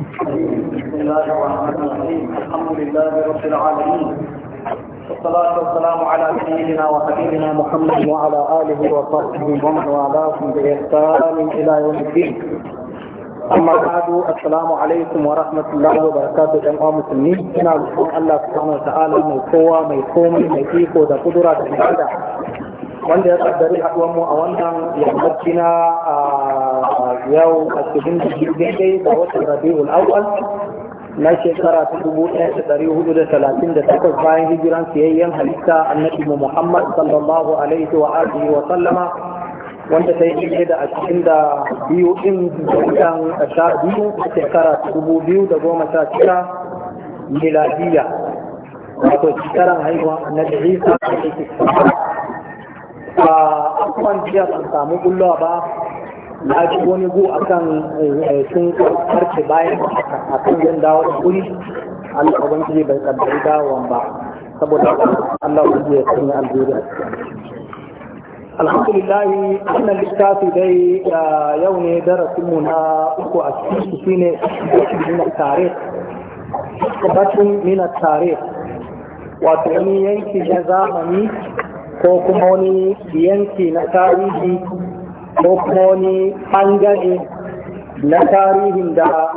بسم الله الرحمن الرحيم الحمد لله رب العالمين والصلاة والسلام على سيدنا وحبيبنا محمد وعلى آله وصحبه ومن والاه بإحسان إلى يوم الدين أما بعد السلام عليكم ورحمة الله وبركاته جميع مسلمين إن الله سبحانه وتعالى ميقوى ميقوم ميقيكو ذا قدرة وanda ya kaddari haɗuwar mu a wannan yammaci na yau ashirin da biyu daidai ga watan rabi'ul awwal na shekara ta dubu ɗaya da ɗari hudu da talatin da takwas bayan hijiran siyayyen halitta annabi muhammad sallallahu alaihi wa alihi wa sallama wanda ta yi ɗaya da ashirin da biyu ɗin watan sha biyu a shekara ta dubu biyu da goma sha shida miladiya wato shekaran haihuwa annabi isa a cikin a akwai jiya ban samu bullowa ba na ji wani go akan eh, eh, sun karce bayan akan yin dawo da kuri Allah ubangiji bai kaddari dawon ba saboda Allah ubangiji ya sun alheri a cikin alhamdulillah littafi dai eh, yau ne darasinmu na uku a cikin shi ne tare batun nuna tare wato wani yanki na zamani ko kuma wani yanki na tarihi ko kuma wani ɓangare na tarihin da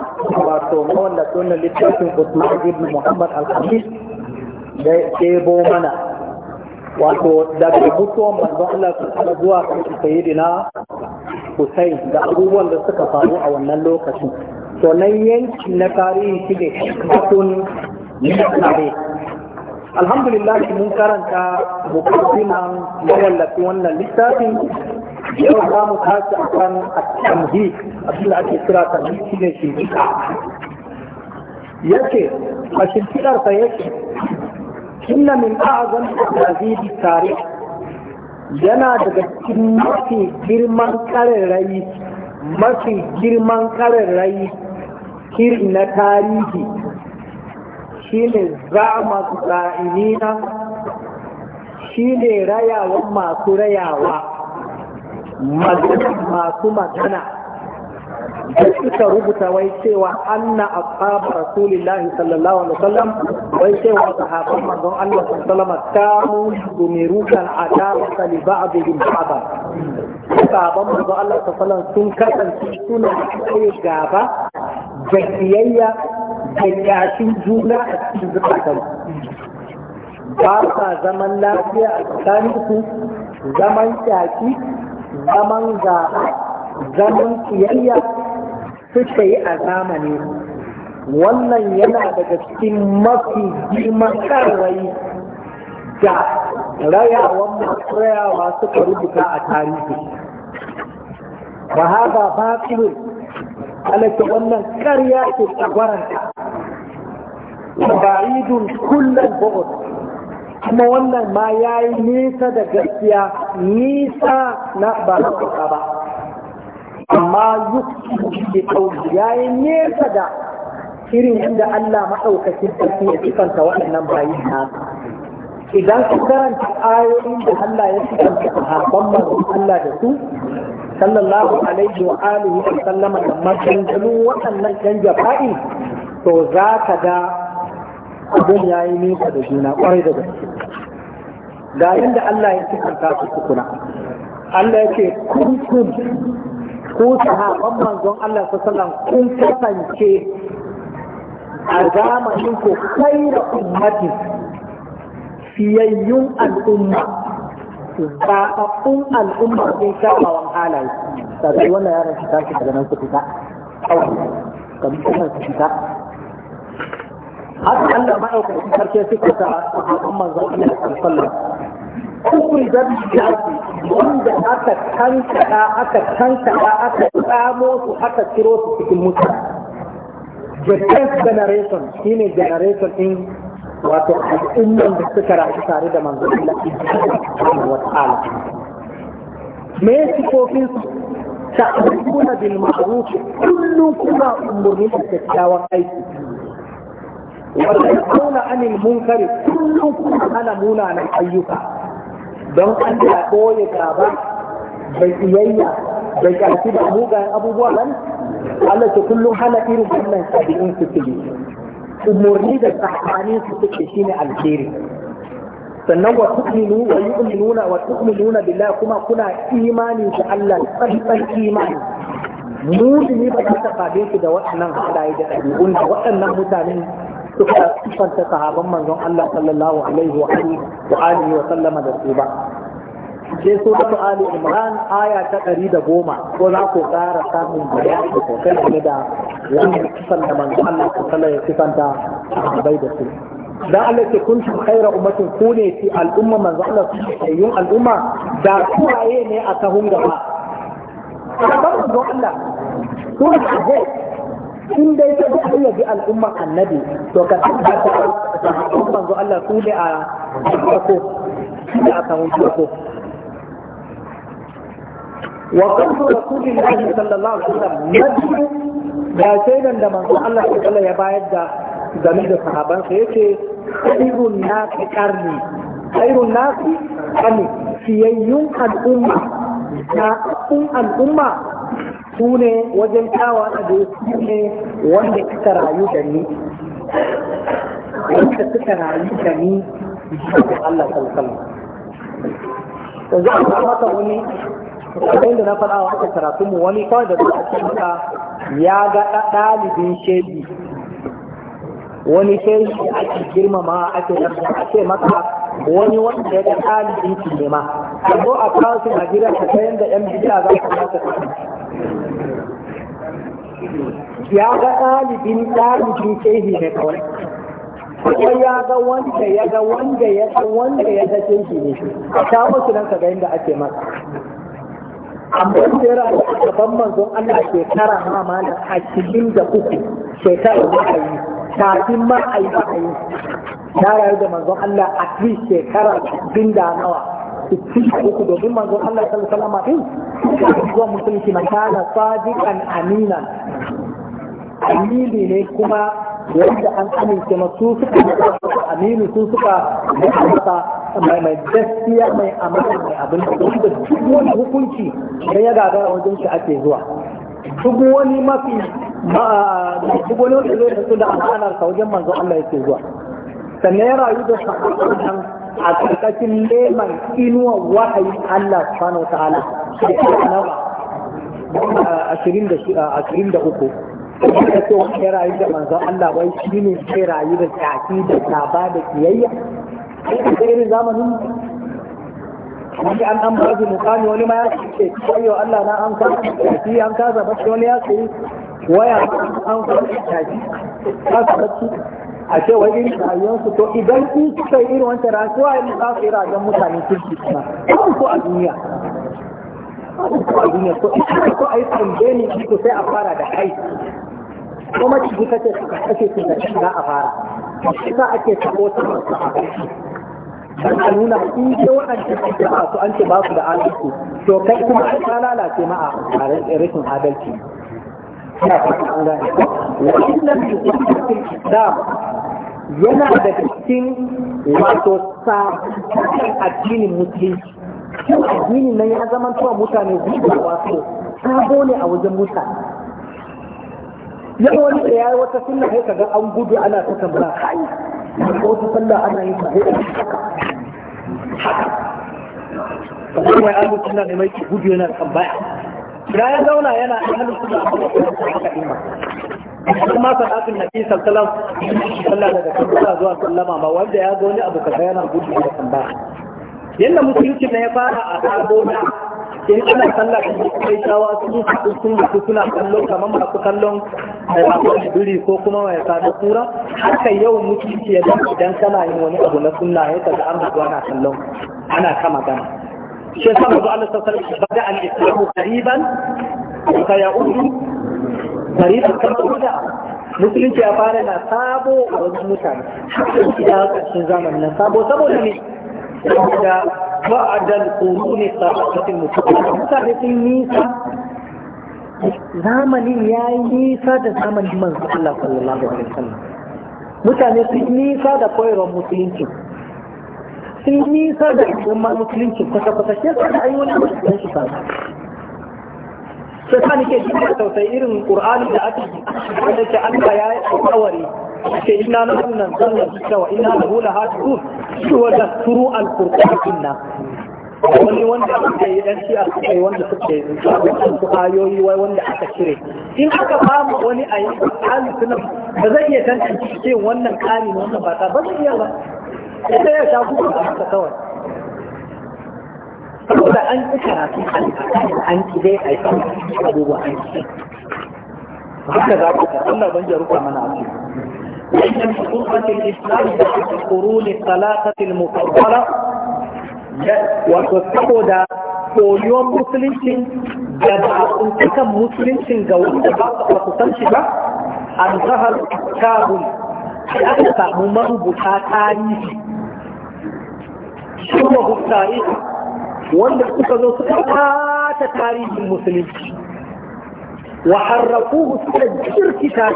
wato ma wanda na littafin Usman ibn Muhammad al hadith da bo mana wato da ke mutuwan manzo Allah su zuwa kan sayyidina Hussein da abubuwan da suka faru a wannan lokacin to nan yanki na tarihi shi ne na ne alhamdulillah mun karanta mukaddiman mawallafi wannan littafin yau za mu tashi a kan tamhi abin da ake kira tamhi shi ne shimfiɗa yake a shimfiɗarsa yake inna min a'azam tazidi tarih yana daga cikin mafi girman kararrayi mafi girman rai kiri na tarihi shi ne za shine zama za'inina shine rayawan masu rayawa masu magana da suka rubuta wai cewa anna ashabu rasulillahi sallallahu alaihi wasallam wai cewa sahabban manzon Allah sallallahu alaihi wasallam kanu yumiru kal adaba li ba'dihim ba'da sahabban manzon Allah sallallahu alaihi wasallam sun kasance suna kai gaba da kiyayya da yashin juna a cikin zakatan ba sa zaman lafiya a tsakaninsu zaman shaki zaman gaba zaman kiyayya suka yi a zamani wannan yana daga cikin mafi girman karwai da rayawan masu rayawa suka rubuta a tarihi ba haɗa ba alaƙa wannan karya ke tsagwaranta ba idun kullum bu'ud kuma wannan ma ya yi nisa da gaskiya nisa na ba ba amma yuki da ya yi nisa da irin inda Allah maɗaukacin sarki ya sifanta waɗannan bayi na idan ka karanta ayoyin da Allah ya sifanta harban manzon Allah da su sallallahu alaihi wa alihi wa sallama da maganganun waɗannan jan jafa'i to za ka ga abin ya yi nesa da juna kwarai da gaske ga yadda Allah ya sifanta su tukuna Allah ya ce kuntum ko sahaban manzon Allah sallallahu kun kasance a zamanin ko kaira ummati fiyayyun al'umma zaɓaɓɓun al'umma sun wa halaye sabi wannan yaran shi tashi daga nan su fita kawai kamar su fita haka Allah ba yau kuma karshe suka ta sahabban manzon Allah sallallahu alaihi wasallam kukuri da bishiyarsu wanda aka kankada aka kankada aka tsamo su aka ciro su cikin mutane the tenth generation shine generation din wato al'umman da suka rayu tare da manzon Allah subhanahu wa ta'ala me sifofin su ta'amuna bil ma'ruf kullum kuma umurni da kyakkyawan aiki وتنهون عن المنكر كلكم على منى ayyuka don an da ɓoye gaba da iyayya da ƙarfi da mugayen abubuwa nan Allah ta kullum hana irin wannan ɗabi'un su suke umarni da tsakanin su alheri sannan wa tu'minu wa yu'minuna wa tu'minuna billahi kuma kuna imani da Allah tsantsan imani mutumi ba ta tafabe su da waɗannan halaye da ɗabi'un da waɗannan mutanen suka sifanta sahaban manzon Allah sallallahu alaihi wa alihi wa sallama da su ba sai suratu ali imran aya ta ɗari da goma ko za ku ƙara samun bayani ko kai ne da wannan kisan da manzon Allah sallallahu alaihi sifanta sahabai da su dan Allah ke kuntum khaira ummatin ku ne fi al'umma manzon Allah sayyun al'umma da kuwaye ne a tahun gaba sahaban manzon Allah su da in dai ta ga ya bi al'umma annabi to ka tabbata sahabban manzo Allah su ne a farko da aka mun farko wa qawlu rasulillah sallallahu alaihi wasallam nadu da shaidan da manzo Allah sallallahu alaihi ya bayar da game da sahaban sa yace khairun nasi qarni khairun nasi qarni fiyayyun al'umma na al'umma su ne wajen a da su ne wanda suka rayu da ni wanda suka rayu da ni da Allah sallallahu za a ba wani abin da na faɗa wa aka karatu mu wani kawai da duka cikinka ya ga ɗalibin shehi wani shebi ake girmama ake ake maka wani wanda ya ga ɗalibin ki ne ma. Yanzu a kawo su Najeriya ta yanda ‘yan bidiya za su mata ya ga ɗalibin ɗalibin shehi ne kawai kuma ya ga wanda ya ga wanda ya ga wanda ya ga shehi ne a kawo shi nan ka ga inda ake masa amma sai ra da gaban manzon Allah shekara ma malam a cikin da uku shekara da yi kafin ma a yi aka yi ya rayu da manzon Allah a cikin shekara cikin nawa uku domin manzon Allah sallallahu alaihi wasallam din zuwa musulunci na kana sadiqan aminan amini ne kuma wanda an amince ma masu suka aminu su suka masa mai mai gaskiya mai amana mai abin da wanda duk wani hukunci da ya gaga wajen shi ake zuwa duk wani mafi duk wani wanda zai da amana sa wajen manzon Allah yake zuwa sannan ya rayu da sahabban a ƙarƙashin leman inuwan wahayin Allah subhanahu wa ta'ala da nawa ashirin da ashirin da uku da ce wani rayu da manzon Allah wai shi ne ke rayu da tsaki da gaba da kiyayya da irin zamanin wani an an bazu mukami wani ma ya ce ayyo Allah na an kasa tsaki an kasa bacci wani ya ce waya an kasa tsaki kasa bacci a ce wai irin rayuwarsu to idan in suka yi irin wancan rayuwa in za su yi don mutane ci kuma kuma ko a duniya ko a duniya ko ko a yi tambayi ne ko sai a fara da kai ko mace ji kace suka kace su da shiga a fara shi sa ake tabo ta masu a dan a nuna in ce waɗanda suke ba su an ce ba su da adalci to kai kuma an ka lalace ma a rashin adalci yana da cikin wato sabbin addinin musulunci addinin nan ya zama cewa mutane zuwa wato sabo ne a wajen mutane yau wani da ya yi wata sunna sai kaga an gudu ana ta tambaya kai ko wata sallah ana yin ta haka haka kuma ya alu sunna ne mai gudu yana tambaya da ya zauna yana da hannun suna a kuma kuma sanatun nabi sallallahu alaihi wasallam daga kan zuwa sallama ba, wanda ya zo ne abu ka yana gudu da sanda Yadda musulunci na ya fara a sabo na in ana sallah da kai shawa su sun mutu suna kallo kamar masu kallon mai masu biri ko kuma mai sada kura haka yau mutunci ya dan idan kana yin wani abu na sunna ya kaga an zuwa na kallon ana kama gana shi yasa manzo Allah sallallahu alaihi wasallam bada al-islam qariban fa ya'udu qariban kama bada musulunci ya fara na sabo a wajen mutane ya ƙarshen zamani na sabo saboda ne da ba'adal quruni sabatin mutum mutane sun nisa zamanin ya yi nisa da zamanin manzo Allah sallallahu alaihi wasallam mutane sun nisa da koyarwar musulunci sun nisa da al'umma musulunci kwata-kwata shi yasa da an wani abu da shi sana sai sa nake shi da tausayi irin ƙur'ani da ake wanda ke Allah ya yi alƙawari ke ina na sunan zanna zikra wa ina lahu la hatun shi wanda turu al-qur'an na wani wanda aka yi dan shi a kai wanda suke su ayoyi wai wanda aka cire in aka fama wani ayi al-sunan ba zai iya tantance wannan kani wannan ba ta ba zai iya ba sai ya sha gudu a haka kawai saboda an ci karatu an ci dai a yi abubuwa an ci haka za ku karɓi Allah ban jaruka mana a cikin wannan hukumar islam da cikin kuruni salatatil mukabbala wato saboda koyon musuluncin, da ba a kuntukan musuluncin ga wanda ba su san shi ba an zahar kabul aka samu marubuta tarihi شبه التاريخ وان اتخذوا صفحات تاريخ المسلم وحرقوه تدبير كتاب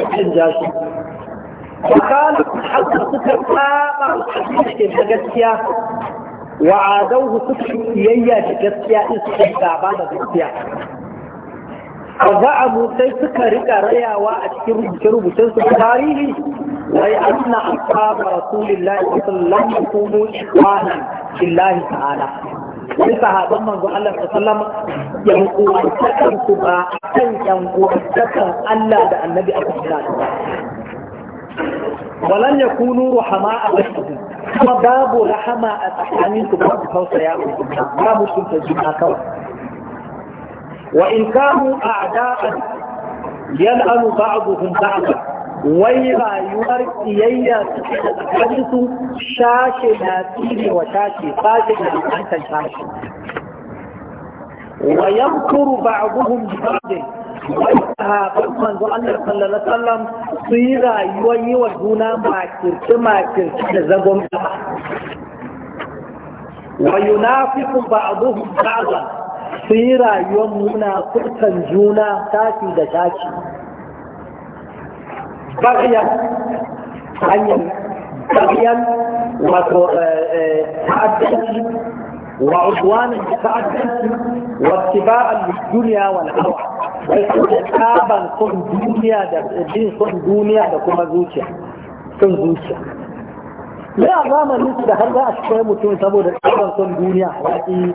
الحجاج وقالوا حق صفحات الحجاج بجسيا وعادوه صفحي يا جسيا استحبابان بجسيا وزعموا سيسكا ركا ريا واتكروا بشروب سيسكا تاريخي wai anna ashabu rasulillahi sallallahu alaihi wasallam yakunu ikhwanan billahi ta'ala wani sahaban manzo Allah sallam ya mutuwantakan su ba kan yan uwantakan Allah da annabi aka kira su ba walan yakunu ruhama a bainahum kuma babu rahama a tsakanin su babu tausaya babu tunta juna kawai wa in kanu a'da'an yal'anu ba'dhum ba'dhan wai rayuwar iyayya cikin su shashe na tsire wa shashe sashe na tsantar shashe wa yankuru ba'aduhum bi ba'din wai sahabban manzo Allah sallallahu alaihi wasallam su yi rayuwar yi wa juna makirci-makirci da zagon ba. wa yunafiqu ba'aduhum ba'dan su yi rayuwar muna furtan juna tashi da tashi hanyar, عين wato وتعدي وعدوانا تعدي واتباعا للدنيا والهوى تابا صن دنيا دين صن دنيا دا son duniya da زوجيا son duniya da har za a shiga mutum saboda tsaban son duniya wani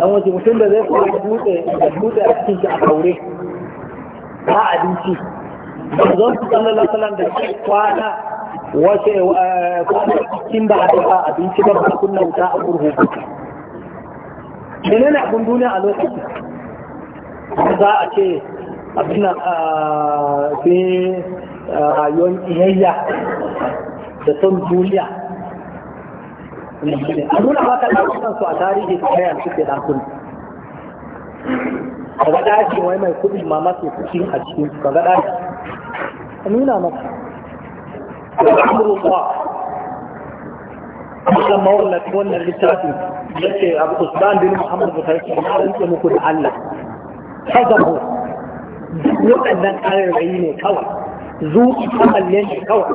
dan waje mutum da zai kuma dutse da dutse a cikin shi a kaure ba abinci manzon su sallallahu alaihi da shi kwana wace eh, kwana cikin ba a dafa abinci ba ba kunna wuta a kurhu menene abin duniya a lokaci za a ce abin a ah, sai ah, rayuwar iyayya da son duniya a nuna maka ɗakunan su a tarihi ta kayan suke ɗakun ga ɗakin wai mai kuɗi ma masu kuɗi a cikin ga ɗakin. nuna maka alhamdulillah Allah mawallafi wannan littafin ce abu usman bin muhammad bukari na rantsa muku da Allah kazabu waɗannan ƙararrayi ne kawai zuƙi kamalle ne kawai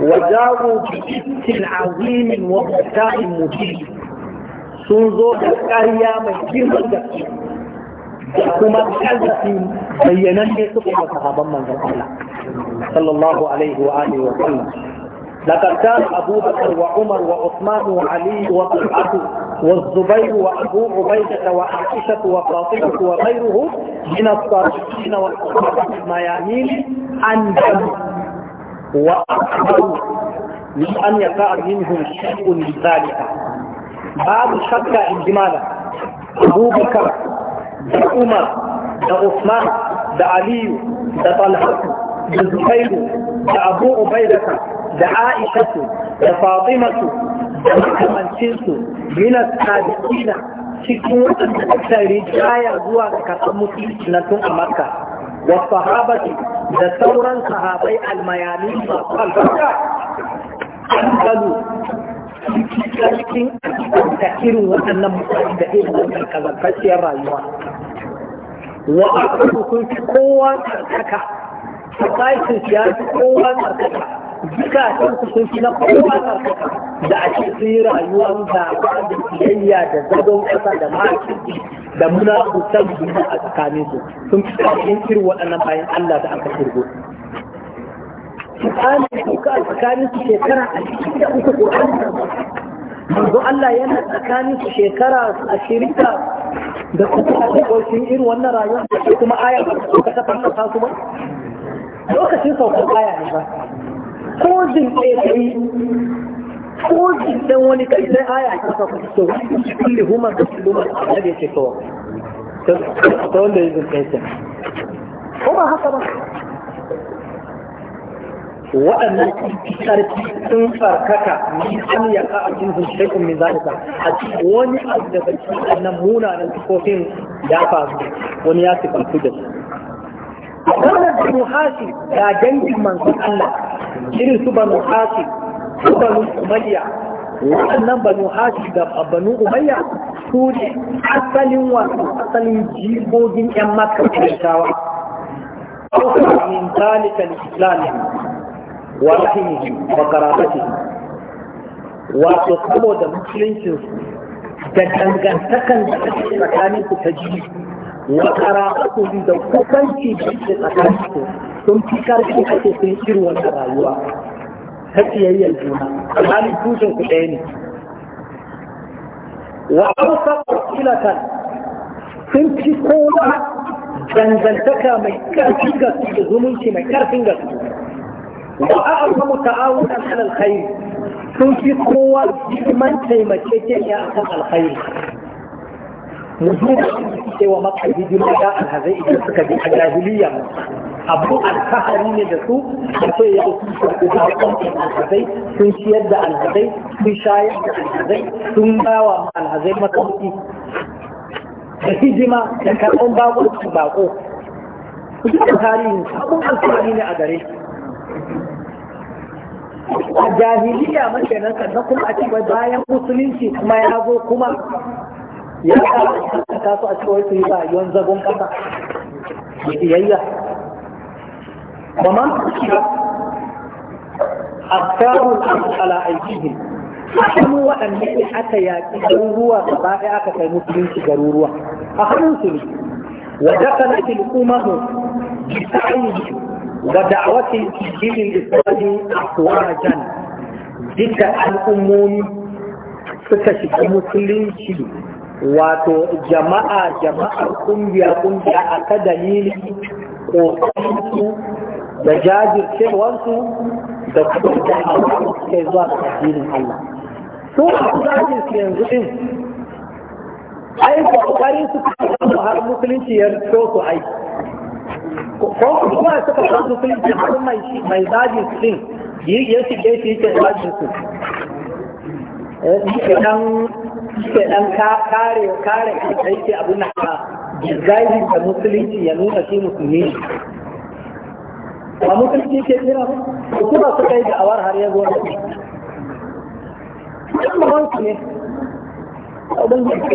wajaru bi ittin azimin wa mutain mubin sun zo da ƙarya mai girman gaske كما kuma kazafi bayyanan ne suka wa صلى الله عليه وآله وسلم لقد كان أبو بكر وعمر وعثمان وعلي وطلحة والزبير وأبو عبيدة وعائشة وفاطمة وغيره من الصالحين والصحابة الميامين أندم وأحبوا من أن يقع منهم شيء لذلك بعد شك إجمالا أبو بكر da Umar da Usman da Aliyu da Talhatu da Zubairu da Abu Ubaidata da Aishatu da Fatimatu da makamancinsu yana sabiqina cikin waɗanda suka rijaya zuwa ga karɓar musulunci na tun a Makka wa sahabati da sauran sahabai almayani masu albarka ta cikin da irin waɗannan mutane da irin wannan kazantacciyar rayuwa wa a kun ci kowa tsarkaka society ya fi kowa tsarkaka a ku sun ci na kowa tsarkaka da a ce su yi rayuwa da da siyayya da zagon ƙasa da ma'aikata da kusan duniya a tsakaninsu sun fi ƙarfin irin waɗannan bayan Allah da aka shirgo Qur'ani sauka a tsakanin su shekara ashirin da uku Qur'ani Allah yana tsakanin su shekara ashirin da da uku a cikin irin wannan kuma aya ba su ka ta su ba lokacin saukar aya ba ko jin ɗaya ko ɗan wani sai ta sauka da ya ta wanda ya ko ba haka ba waɗannan ƙarfi sun farkaka an ya ka a cikin shaikun min zalika a cikin wani abu ba cikin waɗannan munanan kofin ya faru wani ya sifantu da su wannan banu Hashi da dangin manzon Allah irin su banu Hashi su banu umayya waɗannan banu Hashi da banu umayya su ne asalin wasu asalin jikogin 'yan makar kirkawa. Auka min zalika al wa rahimihim wa karamatihim wato saboda musuluncin da dangantakan da ake tsakanin su ta jini wa karamatuhum da kusanci da ake tsakanin su sun fi karfi ake sun irin wannan rayuwa ta tsiyayyar juna alhalin ne wa ausa ƙwasilatan sun fi kowa dangantaka mai ƙarfin mai wa a'amu ta'awunan ala alkhair sun fi kowa girman taimakekeniya a akan alkhairi mu duba ce wa maka hidima da alhazai idan suka bi a jahiliya abu alfahari ne da su a ce ya su shirku da alhazai sun ciyar da alhazai sun shayar da alhazai sun bawa alhazai makamci da hidima da karɓar bakon bako su duka tarihin abun alfahari ne a gare su a jahiliya mace nan sannan kuma a cikin bayan musulunci kuma ya zo kuma ya ta su a cikin wasu yi rayuwar zagon kasa da biyayya kuma tsarin ala a hannu waɗanda ne aka yaƙi garuruwa ba ɗaya aka kai musulunci garuruwa a hannun su ne wa dakala umaru umamu bi ودعوة الدين الإسلامي أفواجا ذكر الأمم suka shiga musulunci wato jama'a jama'ar kungiya kungiya a ta dalilin ƙoƙarinsu da jajircewarsu da kuma da ke zuwa ga addinin Allah. Su a zafin su yanzu din, ai ƙoƙarin su har musulunci ya so su aiki. kuma suka fasu sun ji har mai mai dajin su ya shi yake dajin su yake eh, dan yake dan kare kare yake abin nan ka da musulunci ya nuna shi musulmi a musulunci ke kira ba kuma suka yi awar har ya zo da shi duk mawansu ne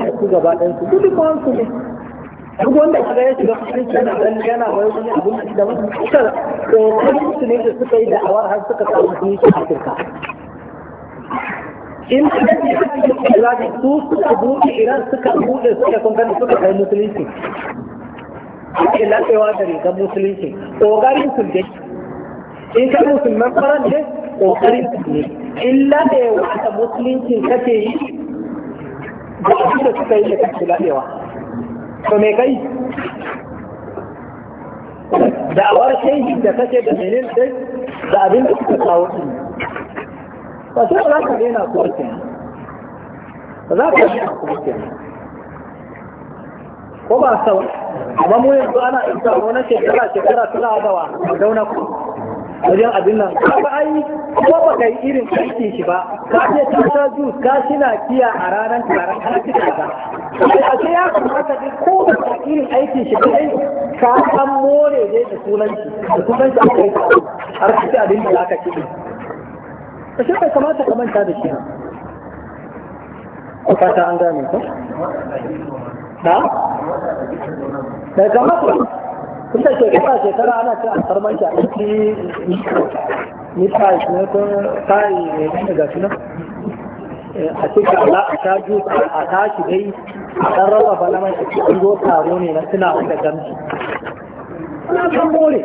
da su gaba ɗansu ne duk wanda kaga ya shiga musulunci yana dan yana wani wani abin da mutum kar kokarin su ne da suka yi da'awar har suka samu musulunci a Afirka in ka ga Iraki su suka buɗe Iran suka buɗe suka kun suka kai musulunci ake lakewa da rigar musulunci kokarin su ne in ka musulman faran ne kokarin su ne In illa da yawa musulunci kake yi da abin da suka yi da kake lakewa to me kai awar kai da kake da menene dai da abin da suka kawo ɗin ba sai ba za ka daina kuwa kenan ba za ka daina kuwa kenan ko ba sau amma mu yanzu ana isa wani shekara shekara tana dawa dauna ku wajen abin nan ka ai ko ba kai irin aiki shi ba ka ce ta ta jus ka na kiya a ranar taron har ta ga a ce ya kamata dai ko da irin aikin shi kai ka san more ne da sunanci da sunanci aka yi har ka ci abin da aka ci a shi bai kamata ka manta da shi ko fata an gane ko na bai kamata kun da ke kasa shekara ana ce a sarman shi a ɗauki mita shi ne ko kayi ne daga suna eh, a cikin ala a tashi dai dan raba bana mai cikin zo taro ne na suna wanda gamsu na kan more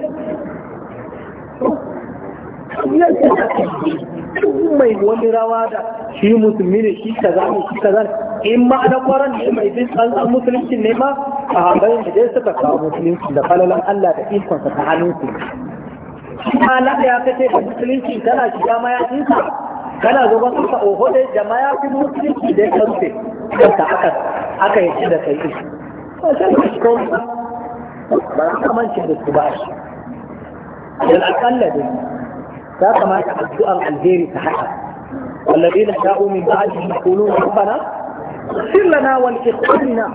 yadda ta kai mai wani rawa da shi musulmi ne shi ta ne shi kaza in ma na kwaran ne mai bin tsantsan musulunci ne ma a hambayin da dai suka kawo musulunci da falalan Allah da ikonsa ta hannunsu. Ana ya ce da musulunci tana shiga mayakinsa kana zagon kasa oho dai da mayafin musulunci da ya rufe kanta aka aka yi da kai ba a kamancin da su ba shi dan akalla dai ya kamata addu'an alheri ta haka والذين جاءوا من بعدهم يقولون ربنا اغفر لنا ولاخواننا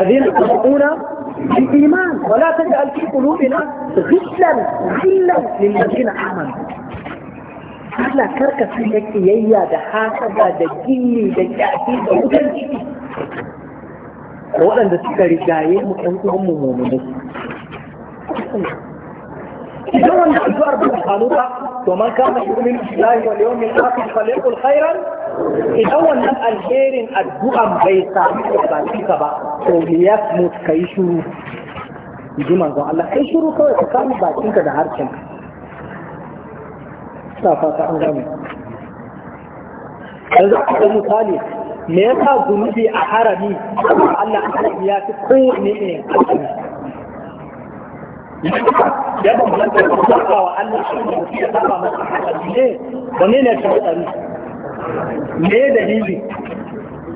الذين سبقونا بالايمان ولا تجعل في قلوبنا غلا غلا للذين امنوا Allah karka sun da kiyayya da hasada da gini da ƙyafi da wutan ciki da waɗanda suka rigaye mu ɗan uwan mu mummunai idan wanda addu'ar ba ta ba to man kama shi yu'minu billahi wal yawmil akhir falyakul khairan idan wannan alherin addu'an bai samu da ba ba to ya mutu ka yi shuru ji manzon Allah kai shuru kawai ka kama bakinka da harshenka na fata an gane yanzu a ɗan misali me yasa zunubi a harami Allah ya fi kowane ne ya bambanta da saba wa Allah shi ya saba masa hakan ne ba ne shi tsari me dalili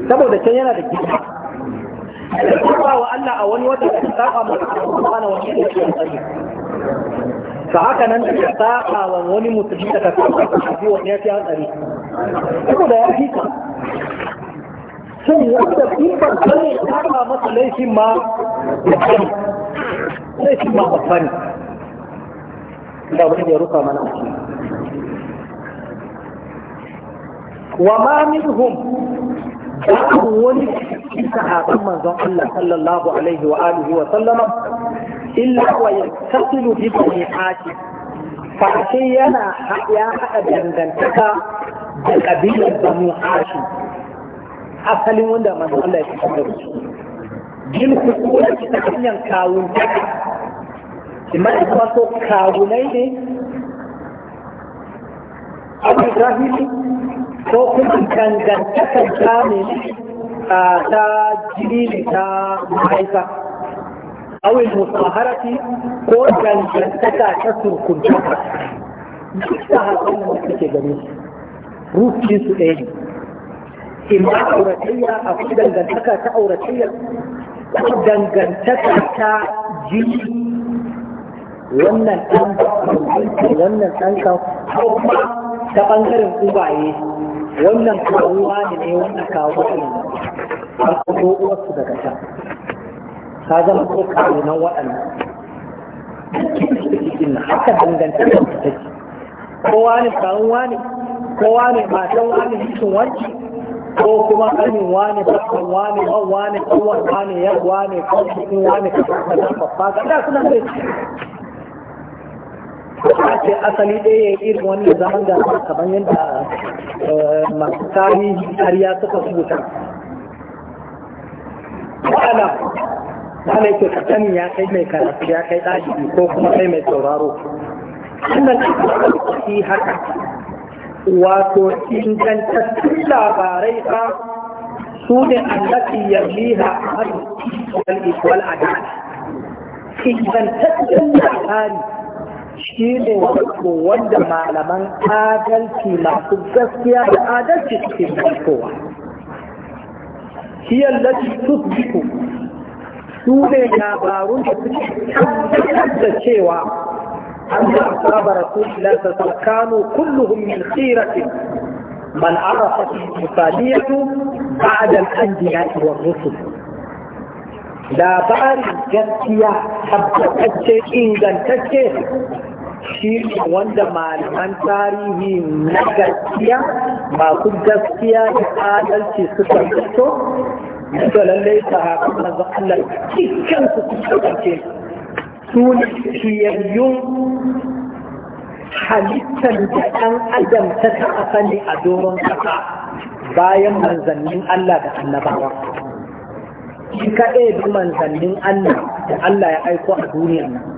saboda can yana da gida da saba wa Allah a wani wata da saba masa hakan ne shi tsari ka haka nan da ka saba wa wani musulmi da ka saba ka ji wani ya fi hatsari da ya fi ka shin wanda in ba sani saba masa laifin ma babban laifin ma babban da wani ya rufa mana wa ma minhum babu wani sahaban manzon Allah sallallahu alaihi wa alihi wa sallama illa wa yattasilu bi bani hashim fa sai yana ya haɗa dangantaka da ƙabilar bani hashim asalin wanda manzo Allah ya fitar da su jin ki ta hanyar kawun take imma ita so kawunai ne abu ibrahim ko kuma dangantakar ta ne ta jini ta mahaifa أو المصاهرة كوجا جنتك تسر كنتك نفسها قلنا نفسك جميل روح جنس إيه إما أورتية أفضل جنتك تأورتية أفضل جنتك تجيل wannan ɗan ƙarfi wannan ɗan ƙarfi ko kuma ta ɓangaren ubaye wannan ƙarfi ne wannan kawo ne a kuma wasu daga can هذا مطلق علينا وأن حتى بندن تجد تجد كواني فانواني كواني ما تواني هيتو وانجي أو كما أن واني بطل واني أو واني أول واني يب واني فوق واني كفر فتا فتا كنا بيش حتى أصلي دي إير واني زمان دا كمان ينبع مكتاري أرياتك وسبوتا وأنا Allah yake ka sani ya kai mai karatu ya kai ɗalibi ko kuma kai mai sauraro Allah yake shi haka wato ingantattun labarai ba su ne allati yarliha al-ikwal adal ingantattun labari shi ne wato wanda malaman adalci masu gaskiya da adalci suke fitowa هي التي تثبت su ne labarun da suke tabbatar da cewa an da asaba rasulullah ta sarkanu kulluhum min khiratin man arafa misaliyatu ba'da al-anbiya wa rusul labarin gaskiya tabbatacce ingantacce shi wanda malaman tarihi na gaskiya masu gaskiya da adalci suka fito to lallai sahaban manzon Allah cikin su kasance su ne kiyayyun halittar da ɗan adam ta taɓa sani a doron ƙasa bayan manzannin Allah da annabawa. Shi kaɗai manzannin Allah da Allah ya aiko a duniyar nan.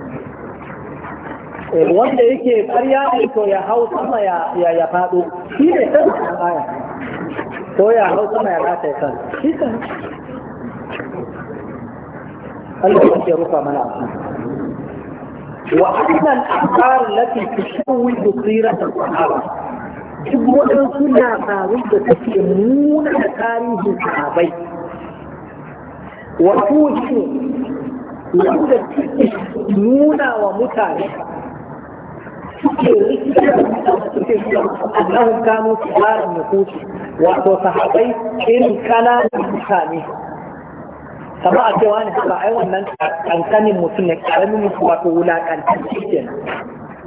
Eh, wanda yake karya ne to ya hau sama ya ya faɗo shi ne kan aya ko ya hau sama ya rata ya kan shi kan Allah ya rufa mana wa annal afkar lati tushawwi sirat al-sahaba duk wadansu suna faru da take nuna da tarihin sahabai wa tuji nuna wa mutane annahum kanu sigaran nufusi wato sahabai irin kananan mutane kama a cewa ne haka ai wannan kankanin mutum ne karamin mutum wato wulakantar kenan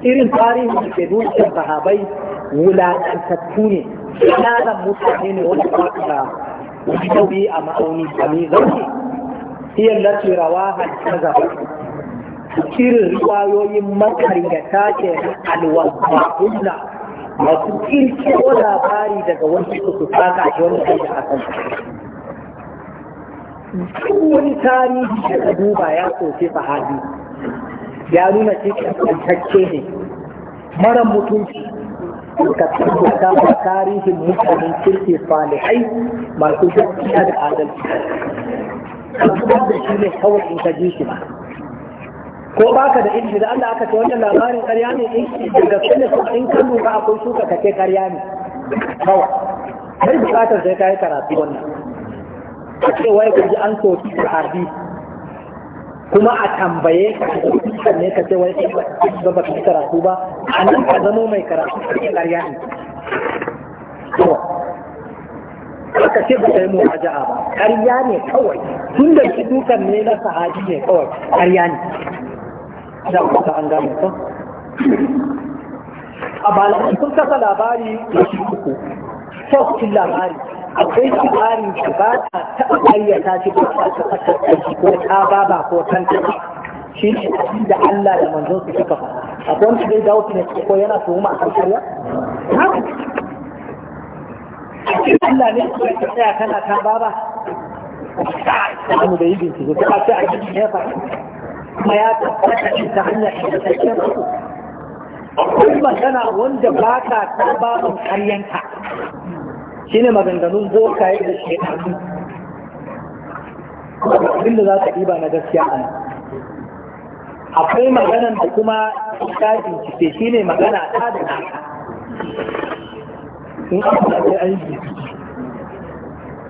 irin tarihin da ke dukkan sahabai wulakantattu ne kananan mutane ne a ma'auni هي التي رواها الكذب irin kwayoyin makarigata ke alwazba'una masu ko labari daga wani su saka shi wani kai da akan duk wani tarihi da ka duba ya soke sahabi ya nuna cikin kantacce ne mara mutunci ka tabbata da tarihin mutanen kirki salihai masu gaskiya da adalci kan da shi ne kawai in ka ji shi ba ko baka da ilimi da Allah aka ce wannan labarin ƙarya ne in daga kullu ko in ka duba akwai shuka kake ƙarya ne kawa sai bukatar sai kai karatu wannan a ce wai ku ji an ki sahabi kuma a tambaye ka ne ka ce wai ba ba ka karatu ba an ka zama mai karatu kake ƙarya ne aka ce ba sai muwaja'a ba ƙarya ne kawai tun da dukan ne na sahabi ne kawai ƙarya ne da wata an gane ta a balaki sun kasa labari da shi uku sauƙin labari akwai labarin da ba ta taɓa ayyata shi ko ta taɓa shi ko ta baba ko tantance shi ne da Allah da manzon su suka faɗa akwai wanda zai dawo ne ko yana tuhuma a karkariya Allah ne ko ya tsaya kana kan baba ta mu da yi bincike ta ce a cikin ya kuma ya tabbata ta hanyar ingantaccen su akwai magana wanda ba ka ta babin karyanka shi ne maganganun bokaye da shekaru abinda za ka ɗiba na gaskiya a nan akwai maganan da kuma ta bincike shi ne magana ta da naka in an yi aiki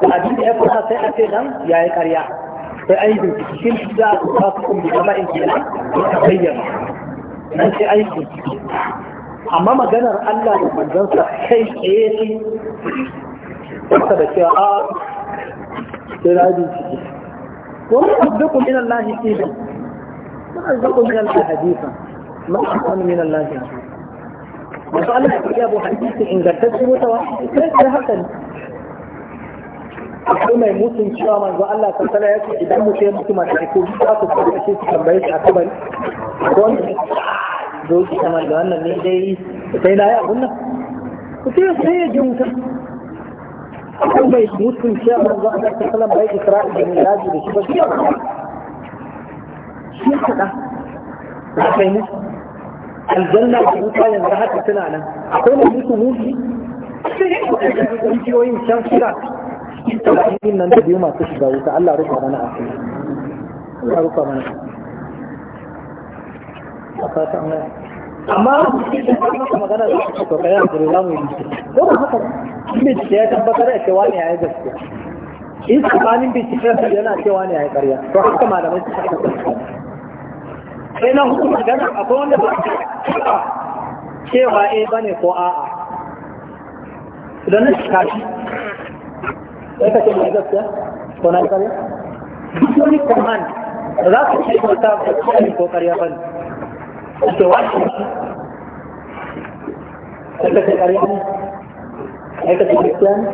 da abin da ya faɗa sai a ce ya yi karya sai an yi bincike shi da ba su kuma da ma'in kenan ya bayyana nan sai an yi bincike amma maganar Allah da manzansa kai tsaye shi wata da cewa a ah, sai na yi bincike wani abduku min Allah shi ne Allah ya haka ne akwai mai mutum cewa manzo Allah sallallahu ya ce idan mutum ya mutu mala'iku za su fara shi su tambaye shi a kabari ko wanda ya zo shi kamar da wannan ne dai sai na yi abun nan ku ce sai ya ji mutum akwai mai mutum cewa manzo Allah sallallahu alaihi wasallam bai Isra'ila ne yaji da shi ba shi ya shi kaɗa za ka yi mutu aljanna da wuta yanzu haka suna nan akwai mai mutu mutu sai ya yi kuɗin da rijiyoyin can suna cikin talatin nan da biyu masu shiga wuta Allah rufa mana a kai Allah rufa mana a fata mai amma magana da suka to a hakuri za mu yi ko ba haka bincike ya tabbatar da cewa ne ya yi gaskiya in tsakanin bincike ya yana cewa ne yayi ƙarya to haka malamai suka tabbatar sai na hudu magana akwai wanda ba a cewa eh bane ko a'a idan na shi sai ce mai gaskiya ko na ƙarya duk wani command za ka ce ko ta ƙarya ko ƙarya ba ne ce wani sai ce ƙarya ne sai ka ce gaskiya ne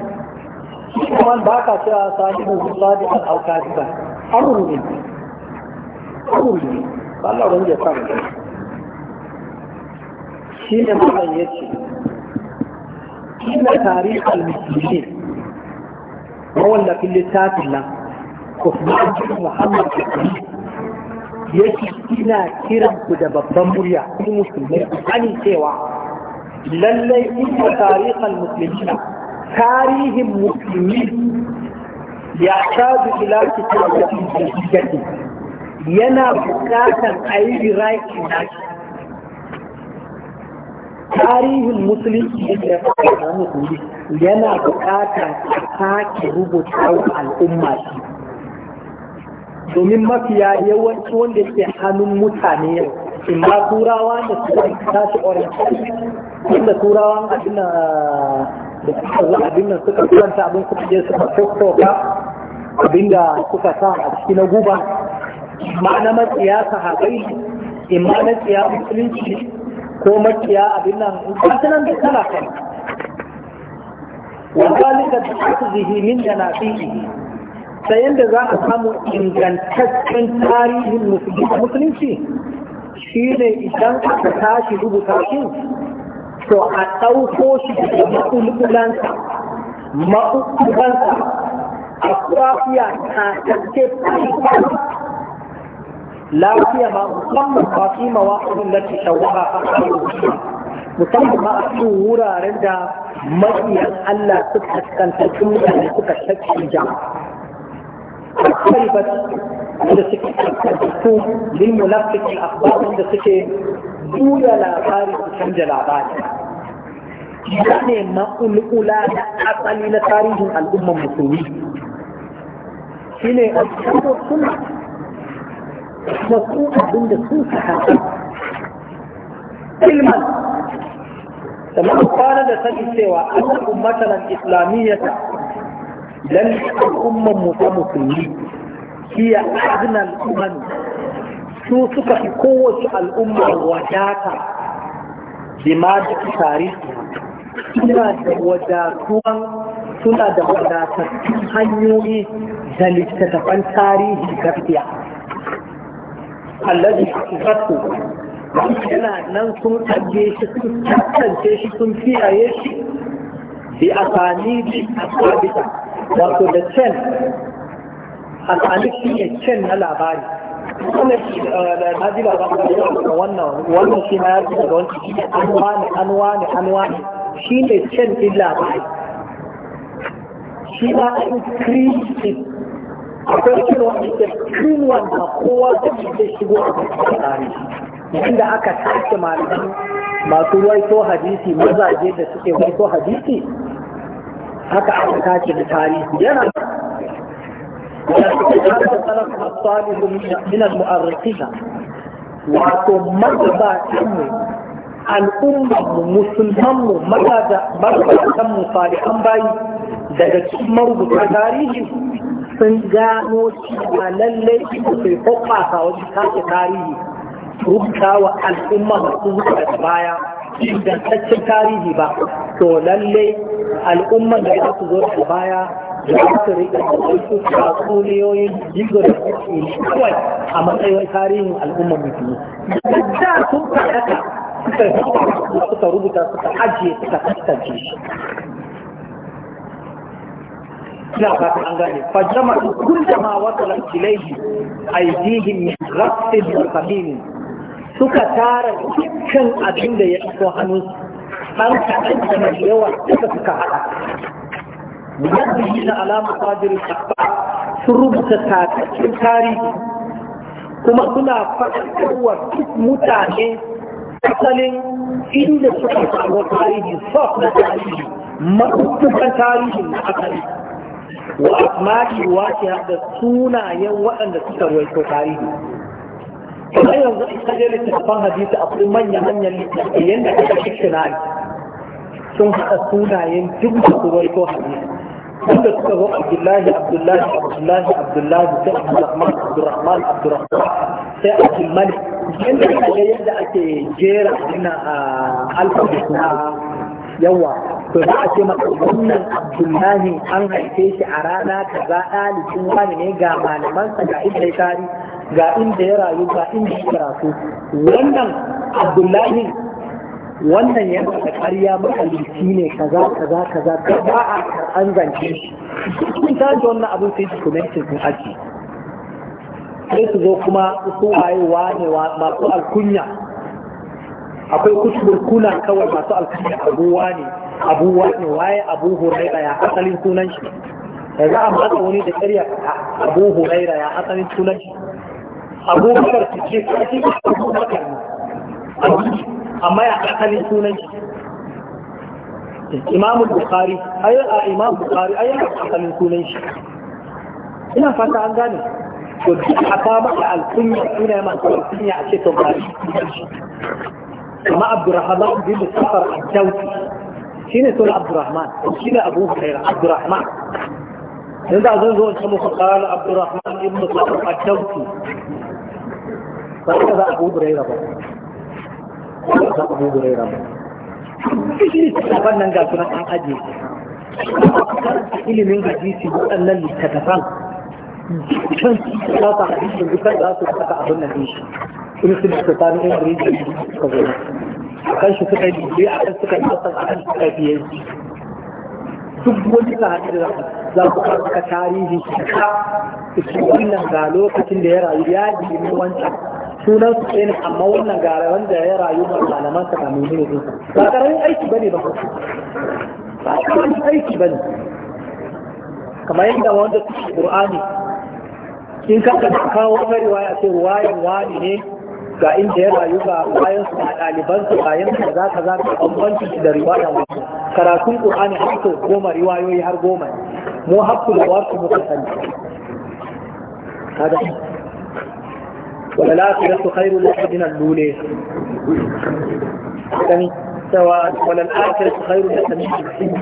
shi ba ka a sani da zuwa da al'auka ba amuru ne amuru ne ba Allah wani ya samu shi ne mutum ya ce إن تاريخ mawallafin littafin nan Usman bin Muhammad Bukhari yake ina kiran ku da babban murya ku musulmai ku sani cewa lallai inna tariqal muslimina tarihin musulmi ya sadu ila kitabin da yana bukatan ayi right na shi tarihin musulunci da ya musulmi yana bukata ta sake rubuta al'umma shi domin mafiya yawanci wanda ke hannun mutane yau in ba turawa da suka tashi orinci inda turawa abin da suka zuwa abin suka kuranta abin kuma je suka fokoka abin da suka sa a ciki na guba ma'ana matsiya sahabai in ma na tsiya musulunci ko makiya abin nan in nan da kana kan wa zalika bi akhzihi min janabihi sai yadda za a samu ingantaccen tarihin musulunci shi ne idan aka tashi rubuta shi to a ɗauko shi da maƙulƙulansa maƙulƙulansa a kwafiya ta tattace lafiya ba musamman ba fi mawaƙin da ke shawara a musamman ba a cikin wuraren da maƙiyan Allah suka kantattu mutane suka shakki ja. Akwai wanda suke kantattu lil munafiqin akhbar da suke dura labari su canja labari. Ya ne ma'ul'ula da asali na tarihin al'ummar musulmi. Shi ne a cikin da su abin da sun saka ilman da kwana da sani cewa an ummatan islamiyyata lalle al'umman mu ta musulmi hiya adna al'umman su suka fi kowace al'umma wadata bima tarihi suna da wadatuwan suna da wadatattun hanyoyi da littattafan tarihi gaskiya allazi hakikatu yana nan sun kalle shi sun tantance shi sun kiyaye shi bi asani bi asabita wato da can asani shi ne na labari eh, na wannan wannan shi na yarda shi ne an wani shi ne can din labari shi akwai cikin wani cikin wanda kowa da zai shigo a cikin inda aka tashi malaman masu waito hadisi mazaje da suke waito hadisi haka aka tashi da tarihi yana من المؤرخين ومذبع al'ummar mu musulmanmu maza da mu salihan bayi daga cikin marubuta tarihi sun gano cewa lallai su sai hoɓɓasa wajen sake tarihi rubuta wa al'umma su zuwa da baya ingantaccen tarihi ba to lallai al'umma da za su zo da baya za su rika da wasu tatsuniyoyin gizo da suke kawai a matsayin tarihin al'umman musulmi da sun faɗaka suka rubuta suka ajiye suka tantance shi kila fatan an gane fa jama'u kullama wasala ilayhi aydihim min rafin qadim suka tara dukkan abin da ya iso hannunsu, dan kadan da mai yawa suka suka haɗa. yadda alama qadir al-akhbar sun rubuta takakin tarihi kuma suna kowa duk mutane asalin inda suka samu tarihi sauf na tarihi matukan tarihin na asali wa asma'i ruwatiha da sunayen waɗanda suka ruwaito tarihi kamar yanzu in ka je littattafan hadisi akwai manya manyan littattafai yanda kake kikina sun haɗa sunayen duk da su ruwaito hadisi wanda suka zo Abdullahi Abdullahi Abdullahi Abdullahi sai Abdurrahman Abdurrahman Abdurrahman sai Abdulmalik yanda kake yadda ake jera ina a ah, alfabetin yawa to za a ce maka wannan abdullahi an haife shi a rana ta kaza ɗalibin wani ne ga malamansa ga inda ya tari ga inda ya rayu ga inda ya karatu wannan abdullahi wannan ya da ƙarya makalici ne kaza kaza kaza ka ba a an zance shi kun ta ji wannan abin sai su connected sun ake? sai su zo kuma su wayewa ne masu alkunya akwai kutubul kuna kawai masu alkhairi abuwa ne abuwa ne waye abu huraira ya asalin sunan shi za a matsa wani da ƙarya abu huraira ya asalin sunan shi abu bakar su ce kashi abu bakar ne amma ya asalin sunan shi imamu bukari ayyar a imam bukari ayyar asalin sunan shi ina fata an gane to duk a kama da alkunya suna masu alkunya a ce to ba shi kama abdurrahman bin safar al-dawsi shine sunan abdurrahman shine abu hurairah abdurrahman dan da zan zo in samu qala abdurrahman ibn safar al-dawsi ba ka da abu hurairah ba ba ka abu hurairah ba shi ne wannan ga sunan an aje ilimin hadisi waɗannan littattafan kan za ka hadisi dukkan za su saka abin nan shi in su da tsakanin yan rijiyar da suka zo a kan shi suka yi biyu a kan suka yi kasan a kan suka yi biyu duk wani ka haɗu da za ku karɓa tarihi shi ka su wannan ga lokacin da ya rayu ya yi ji wancan sunan su ne amma wannan gara wanda ya rayu ba malaman sa ba menene ne ba karamin aiki bane ba ba karamin aiki bane kamar yadda wanda suke qur'ani in ka kawo wata riwaya ce wayan wani ne ga inda ya rayu ga bayan su da ɗaliban su bayan su za ka za ka bambanci da riwaya mai karatun qur'ani har sau goma riwayoyi har goma mu hakku da wasu muka sani kada wala lafiyatu khairul ladina lule dan sawa wala lafiyatu khairul ladina lule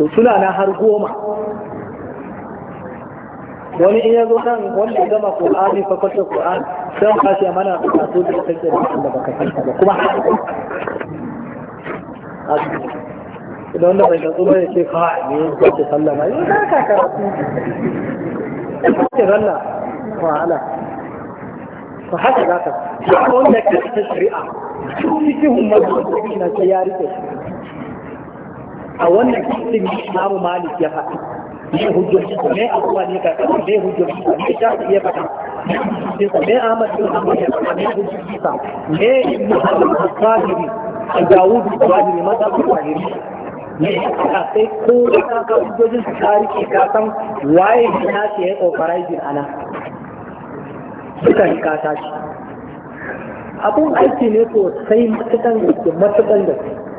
to suna na har goma wani iya zo kan wanda gama Qur'ani fa kwata Qur'an sai ka ce mana a so da kake da baka san ba kuma da wanda bai ga tsoro ya ce fa ne ya ce sallah ma yau ka karatu ce sallah wa'ala to haka zaka wanda ke cikin shari'a su cikin mazhabin na ce ya rike shi a wannan kitin imamu malik ya faɗi ne hujjoji ko ne abuwa ne ka kaɗa ne hujjoji ko ne shafi ya faɗa ne ahmad bin hamad ya faɗa ne hujjoji sa ne ibnu hazm al-zahiri al-dawud al-zahiri mazhabin zahiri ne a sai ko ka ka hujjojin su tarihi ka san waye na ce ya authorizing ana suka hikata shi abun aiki ne sosai matukan gaske matukan gaske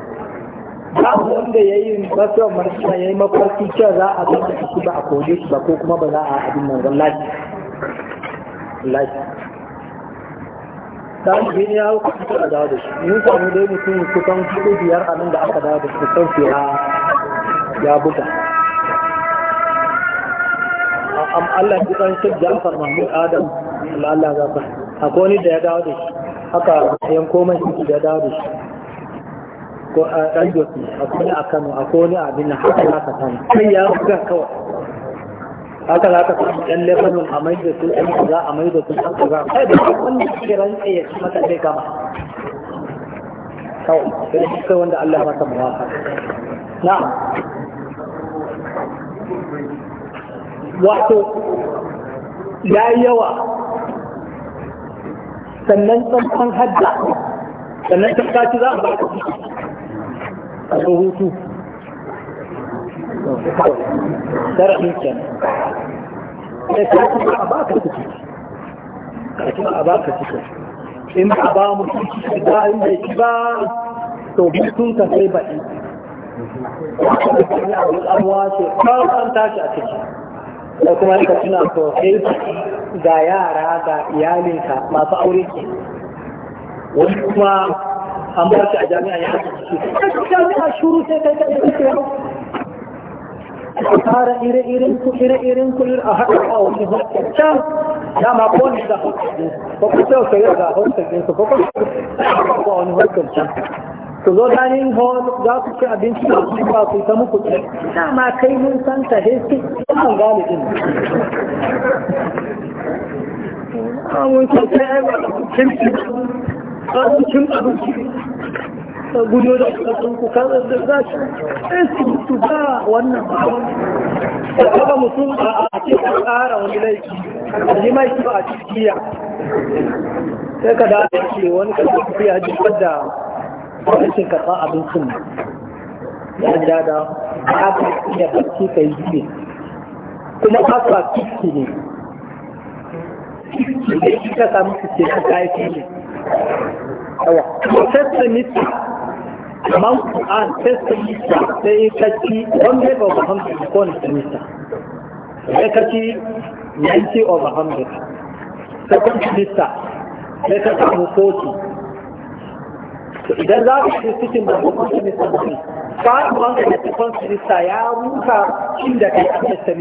babu wanda ya yi basuwa marasa ya yi mafarki cewa za a da shi ba a kone shi ba ko kuma ba za a abin nan zan lafi lafi ta an bin ya hauka su a dawo da shi mun samu dai mutum kusan kudu biyar a nan da aka dawo da shi kusan ya buga am Allah ya kusan shi Jafar Mahmud Adam Allah ya gafa akwai wani da ya dawo da shi haka yan komai shi da ya dawo da shi ko a ɗanjoki a kone a kano a kone a abin haka za ka samu sai ya buga kawai haka za ka samu ɗan lebanon a mai da su ɗan za a mai da su ɗan za kai da wanda suke rantsa ya ci mata zai kama kawai sai shi kai wanda Allah masa mawaka na'am wato ya yawa sannan tsamfan hadda sannan ta kaci za a ba ka a ka kuma a baka kuma a baka ciki in ba a ba mu ciki da in bai ci ba to ka sai baɗi an wace kawai an tashi a ciki da kuma ka tuna sosai ga yara ga iyalinka masu aure ke wani kuma an ba shi a jami'a ya shi. jami'a shuru sai kai kai da kai kai tara ire-iren ku ire-iren ku a haɗa a wani hotel can dama ko ne da hotel ko ku sai ka yi da hotel din su ko ku a wani hotel can su zo dining hall za ku ci abinci da su ba su ta muku ce ma kai mun san ta hesu kan galibin mun san ta yi kasu cin ta gudu da kasan ku kasan da za shi ɗan eh, su mutu ba wannan ba da kaba mutum a ake tsara wani laifi a yi mai ba a cikiya sai ka da ake wani kasan tafiya jikar da rashin karɓar abincin yadda da aka iya barci ka yi ne kuma aka kiski ne ka samu kiski ka kayi ne Testamita, Imam Quran, Testamita, sai ka ci 100 over 100 ko na Testamita. Sai ka ci 90 over 100. Second Testamita, sai ka samu 40. idan za ka cikin da kuma su nisa ne ba a wanda da cikin su ya rusa inda kai a cikin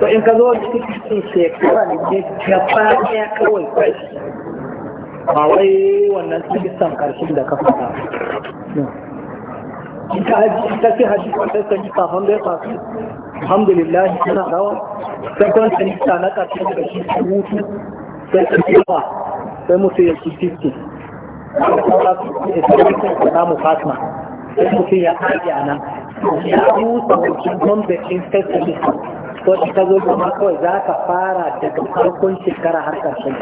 to in ka zo cikin shekara ne gaba ɗaya kawai kai ba wai wannan cikin karshen da ka faɗa ita ita ce hadisi wanda ta ji kafin da ya fasu alhamdulillah ina rawa sai kuma ta na karshen da shi ta mutu sai ta ji sai mutu ya ci fiski eh, sai ta samu fatima sai mutum ya ajiye a nan ya rusa wancan gwamnatin festivals ko da ka zo kuma kawai za ka fara daga farkon shekara har ƙarshen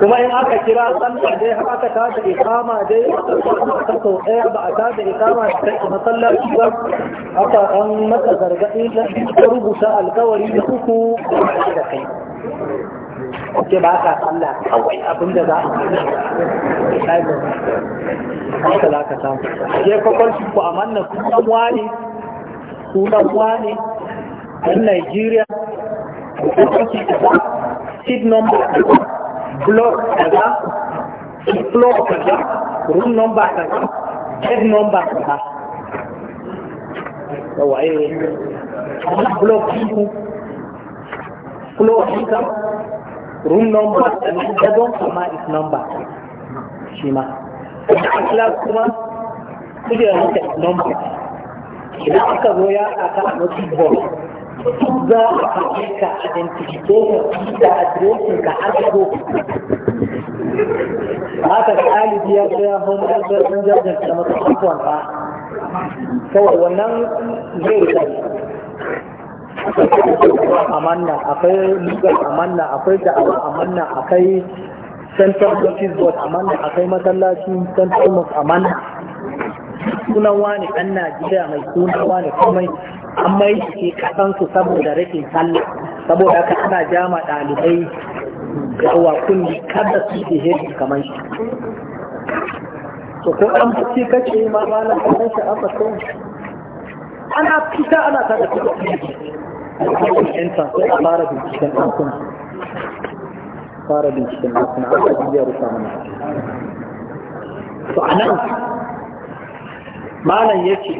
kuma in aka kira sallar dai har aka tada ikama dai aka sau ɗaya ba a tada ikama ta masallaci ba aka an mata gargaɗi da rubuta alkawari da uku da kai ke ba ka sallah kawai abin da za a yi haka za ka samu ke kwakwalci ku a manna sunan wani sunan wani ɗan Najeriya kwakwalci ka za seed number block ka za block ka za room number ka za head number ka za yawa eh. block ɗinku floor ɗinka room number don amma is number shi ma class kuma kujerar ta wata number idan aka zo ya aka a wata board za a kaje ka identification da adireshin ka har zo haka ɗalibi ya tsaya hon ɗan jajanta masa kawai wannan zai rikari amanna akwai legal amanna akwai da'awa amanna akwai central justice board amanna akwai masallaci central mosque amanna sunan wani an gida mai suna wani komai an mai ke kasan saboda rikin sallah saboda haka ana jama ɗalibai da kunni kada su ke hedin kamar shi to ko an fi kace ma ba na kasan shi a fasin ana fita ana ta da kuma yan tafi a fara binciken ɗankuna fara binciken ɗankuna a ka jiya rufa mana to a nan malam ya ce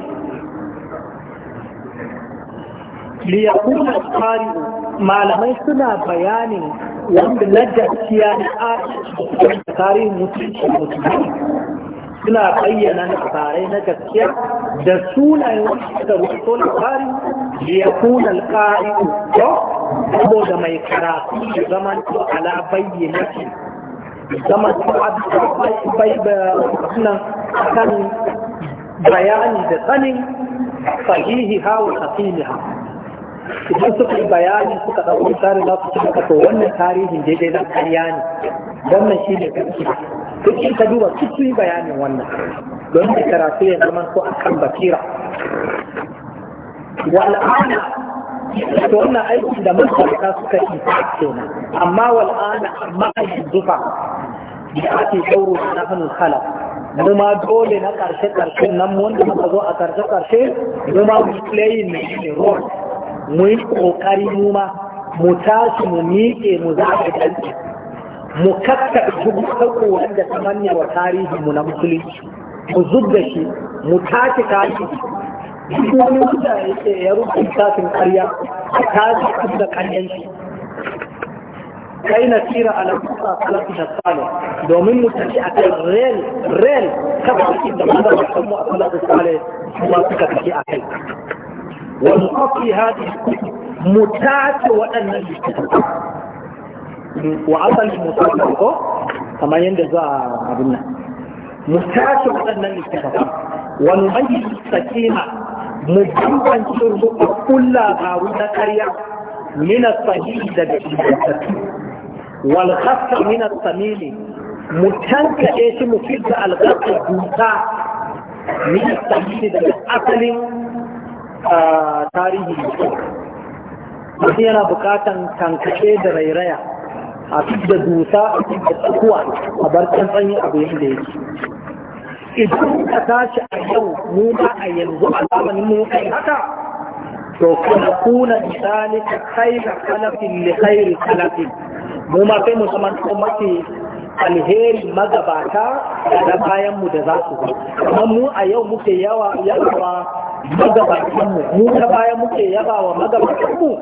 liyakuna tsari malamai suna bayanin wanda na gaskiya na tarihin mutunci mutunci suna bayyana na labarai na gaskiya da sunayen da tsari da ya kuna alƙari ko saboda mai karatu ya zama to ala bayyana shi zama to abinan kan bayani da sanin fahihi hawa tafili ha idan suka yi bayani suka ɗauki tsarin za su ci to wannan tarihin daidai na karya ne wannan shi ne gaskiya duk in ka duba duk yi bayanin wannan don da karatu ya zama so a kan basira wal'ana to wannan aikin da masarka suka yi kenan amma wal'ana amma yanzu zufa da ake sauro na hannun kala mu dole na karshe karshe nan wanda muka zo a karshe karshe mu ma mu playing ne role mu yi kokari mu ma mu tashi mu miƙe mu za a yi mu kakkaɓe duk sauko wanda ta manne wa tarihinmu na musulunci ku zubda shi mu tace kashi duk wani wanda ya rubuta kafin ƙarya a tace da ƙaryan shi kai na tsira a lafusa salafi da tsalo domin mu tafi a kai rel rel kafin da ba za mu a salafi tsalo kuma suka tafi a kai wani kofi hadi mu tace waɗannan wa asali mutashin ko kamar yadda za a abin nan mutashin waɗannan littattafan wani mai sakina mu bambanci rubuta kulla garu na karya Mina sahihi daga ingantattu wal khassa mina samili mu tankaɗe shi mu fita alƙasar dusa min sahihi daga asalin tarihi mutum yana buƙatan tankaɗe da rairaya a fi da dusa a da tsakuwa a bar tsantsan abu yadda yake idan ka tashi a yau mu ba a yanzu a zamanin mu kai haka to kuna kuna misali ka khaira kalafin kai da kalafin mu ma kai mu ko mafi alheri magabata da bayan mu da za su zo amma mu a yau muke yawa yawa magabatan mu mu ta bayan muke yaba wa magabatan mu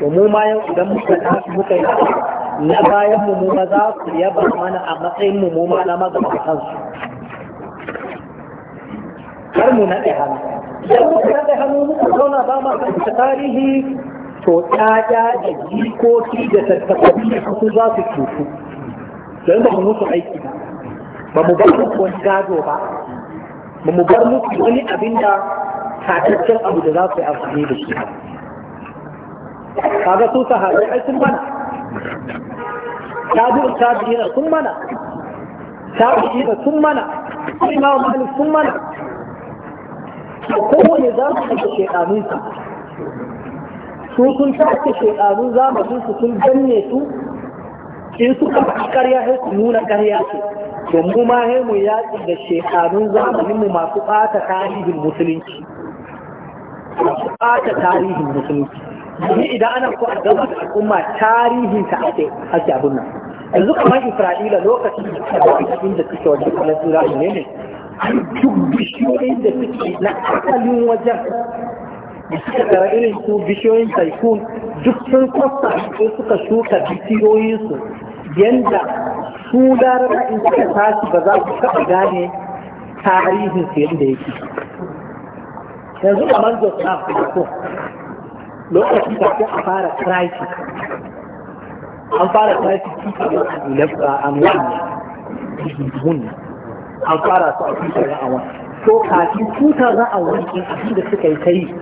to mu ma yau idan muka tashi muka yi na bayan mu ma za su yaba mana a matsayin mu mu ma na magabatan su har mu naɗe hannu idan muka naɗe hannu muka zauna ba ma kanta tarihi to ƴaƴa da jikoki da da su za su cutu don ba mu musu aiki ba ba mu bar musu wani gado ba ba mu bar musu wani abin da tataccen abu da za su yi amfani da shi kaga su sahabai ai sun bana tabi'u tabi'ina sun mana tabi'ina sun mana imam malik sun mana to kowane za su kashe shekanunsa su sun tashi shekanu zamanin su sun danne su in suka fi karya sai su nuna karya ce to mu ma sai mu yaƙi da shekanun zamanin mu masu ɓata tarihin musulunci masu ɓata tarihin musulunci domin idan ana ko addaba da al'umma tarihin ta ake ake abun nan yanzu kamar Isra'ila lokacin da suka ba cikin da suke wajen Falasura ne ne an duk bishiyoyin da suke na asalin wajen da suka tara irin su bishiyoyin taikun duk sun kwasta ko suka shuka bishiyoyinsu yanda su laraba in suka tashi ba za su taɓa gane tarihin su yadda yake yanzu kamar Joseph da lokacin kafin a fara crisis an fara crisis cikin amuwan ne an fara su a cikin wani so kafin a wani ɗin abin da suka yi kai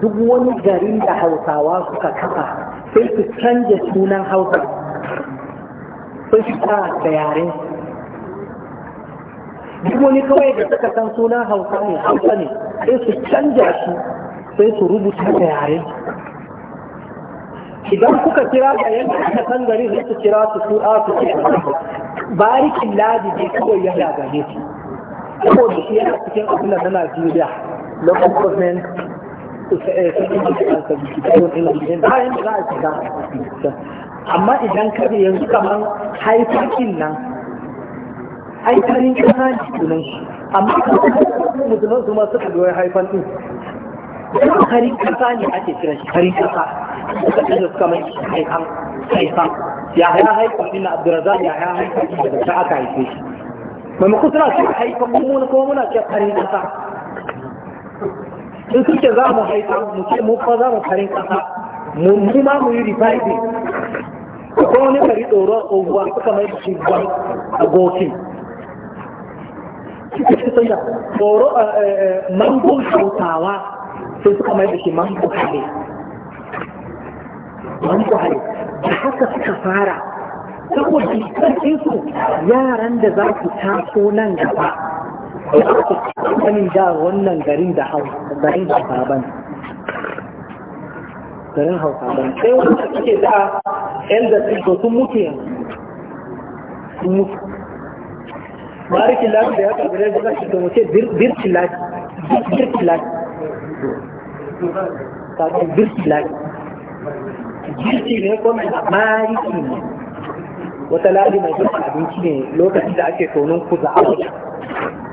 duk wani garin da hausawa suka kafa sai su canza sunan hausa sai su fara da yaren duk wani kawai da suka san sunan hausa ne hausa ne sai su canza su, sai su rubuta da yaren idan kuka kira da yanzu aka san gari zai su kira su su a su ce barikin ladi ne kuma ya gane shi da shi yana cikin abin na Najeriya local government eh, bayan da za a shiga amma idan ka yanzu kamar haifakin nan haifakin kanan ne sunan shi amma kuma su ma suka goyi kuma harin kasa ne ake kiran shi harin kasa suka ɗaga suka mai haifan haifan ya haya haifan ina abdurazak ya haya haifan daga ta aka haife shi maimakon suna ce haifan kuma kuma muna ce harin kasa in suke za mu haifa mu ce mu fa za mu harin kasa mu ma mu yi reviving ko wani kari tsoro tsohuwa suka mai shi gwan a gokin tsoro eh, eh, mangon hautawa sai suka mai da shi man hale manku hale da haka suka fara saboda karfin su yaran da za su taso nan gaba kanin da wannan garin da garin da saban garin hausa ban sai wanda suke da yan da su sun mutu yanzu sun mutu barikin lafi da ya kabirai da za su da mace birkin lafi kaga girki lafi girki ne ko mai mariki ne wata ladi mai girki abinci ne lokacin da ake tonon ku za'a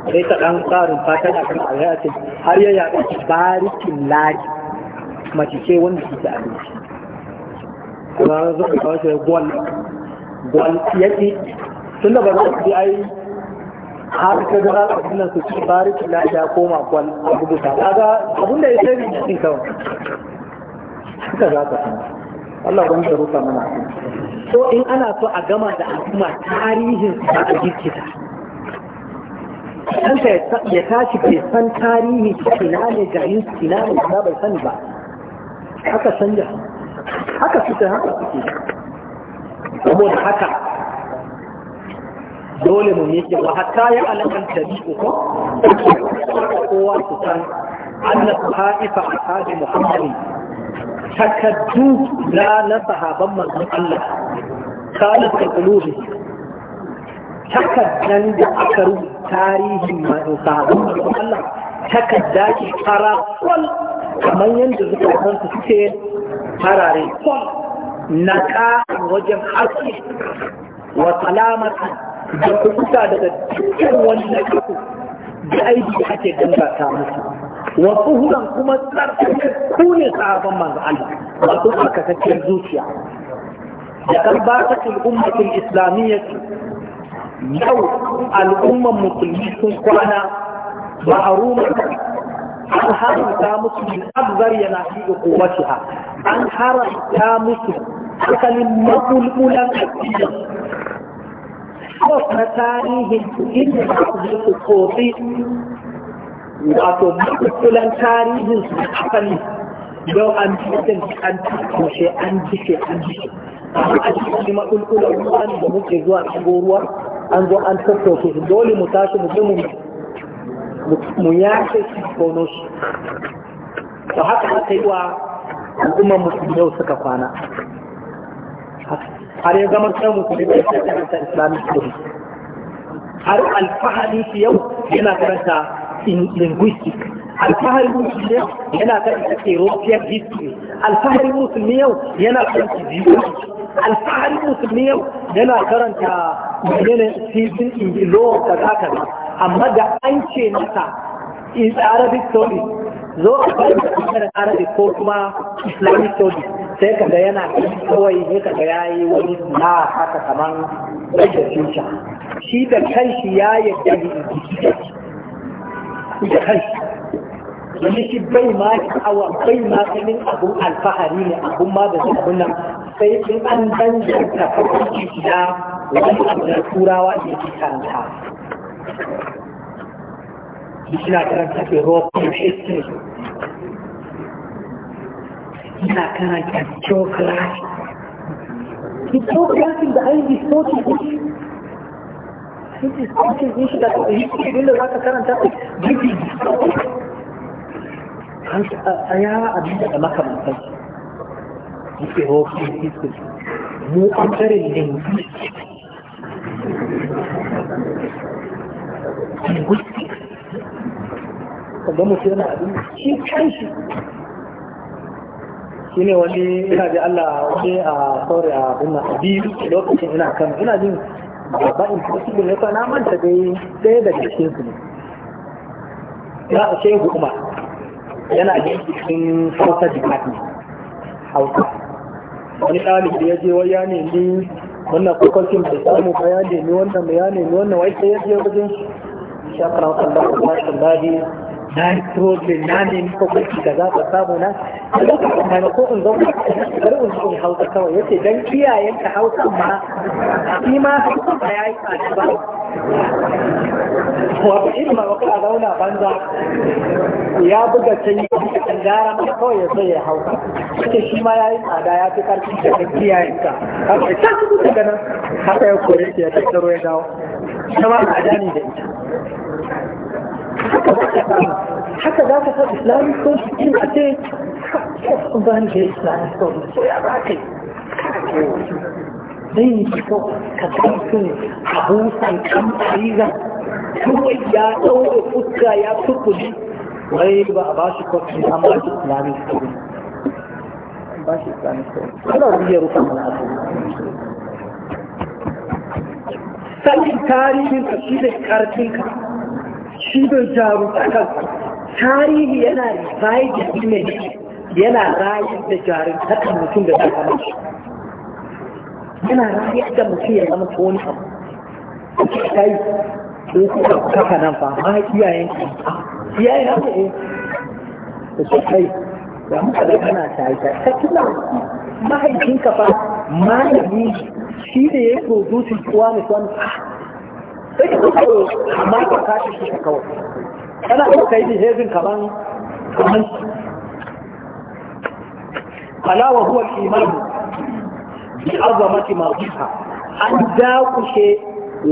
sai ta ɗan tsarin fata da kan alhaya ce har ya yaɗa barikin ladi mace ce wanda ke da abinci kuma zuwa kawai gwal gwal yaki tun da ba za su ai har ka ga abin su ci bari na ya koma kwal a rubuta kaga abin da ya sai ne cikin kawai suka za ka san Allah ban da rufa mana so in ana so a gama da al'umma tarihin ba a jirkita kanka ya tashi bai san tarihi ina ne garin ina ne ba bai sani ba haka canja haka suke haka suke saboda haka dole mu yake wa hatta ya alakan tabi'u ko kowa su san anna sahifa ashabi muhammadin takaddu la na sahaban manzon Allah kana ta kulubi takaddan da aka rubuta tarihin manzon sahaban manzon Allah takadda ki fara kwal kamar yadda suka san su ce farare kwal naka wajen haske wa salamatan da kuka daga dukkan wani na da aiki da ake dangata musu wasu huran kuma tsarkake ku ne sahabban manzo Allah wato tsarkakakken zuciya da kan ba karbatul ummatul islamiyyah yau al'umman musulmi sun kwana ba a ma'aruma an haramta musu min abzar yana fi ha. an haramta musu akalin mabulbulan addinin kawai na tarihin inda za su je su kofi wato makulan tarihin su asali don an cikin an kushe an jike an jike a cikin makulkulan ruwan da muke zuwa shigo ruwa an zo an tattauke su dole mu tashi mu je mu yashe su kono shi to haka aka yi wa al'ummar musulmi yau suka kwana haka har ya zama kan musulmi da karanta islamic studies har alfahari shi yau yana karanta linguistic alfahari musulmi yau yana karanta european history alfahari musulmi yau yana karanta geography alfahari musulmi yau yana karanta menene civil engineering da zaka amma da an ce masa is arabic studies zo a da arabic ko kuma islamic studies sai kaga yana kawai sai ya yi wani na haka kaman da shisha shi da kanshi ya yadda ni da kanshi wani shi bai ma sha'awa bai ma ganin abun alfahari ne abun ma da abun nan sai in an danganta farko da wani abu na turawa da ke karanta suna karanta ke rock history ina karanta geography geography da ai resources ne resources ne shi da history din da za ka karanta gidi a ya abin da makamantar yake hoki history mu ɓangaren linguistics linguistics ka ga mutum yana abin shi kan shi ne wani ina ji Allah wani a sauri a bunna biyu lokacin ina kan ina jin ba in ne ko na manta dai ɗaya daga cikin su ne ya a shehu hukuma yana da cikin hausa department hausa wani ɗalibi da ya je wai ya nemi wannan kwakwalcin bai samu ba ya nemi wannan ya nemi wannan wai sai ya je wajen shakarar sallallahu alaihi na yi problem na nemi kwakwaci da za ka samu na a lokacin da na ko in zo? bari in zo hausa kawai yace dan iyayen ka hausa ma shi ma hausa ba ya yi tsada ba wato irin ma wata a zauna banza ya buga can yi kan gara ma kawai ya so ya hausa yace shi ma ya yi tsada ya fi karfi da kan iyayen ka haka ta su daga nan haka ya kore shi ya tattaro ya dawo ta ma a da ita haka za ka samu haka za ka san ko story in a ce sun ba ni da islamic story so ya ba kai zai yi fito ka san sun kawai ya ɗaure fuska ya tukuli wai ba a ba shi kwafi an ba shi islamic story ba shi islamic story ana wuyar rufa mana asiri sanin tarihin ka shi da karfin ka shi da jaru kansa tarihi yana bayi da ime yana rayu da jarumta kan mutum da zai zama shi yana rayu da mutum ya zama wani abu kai ko kuka kafa nan ba ma iyayen ka iyayen haka ne da su kai da muka da kana tare ta tuna mahaifinka fa malami shi da ya produce wani wani sai ka kawai amma ka kashi shi ka kawai kana da kai behaving kaman kaman ala wa huwa al-iman bi azamati mawdiha an dakushe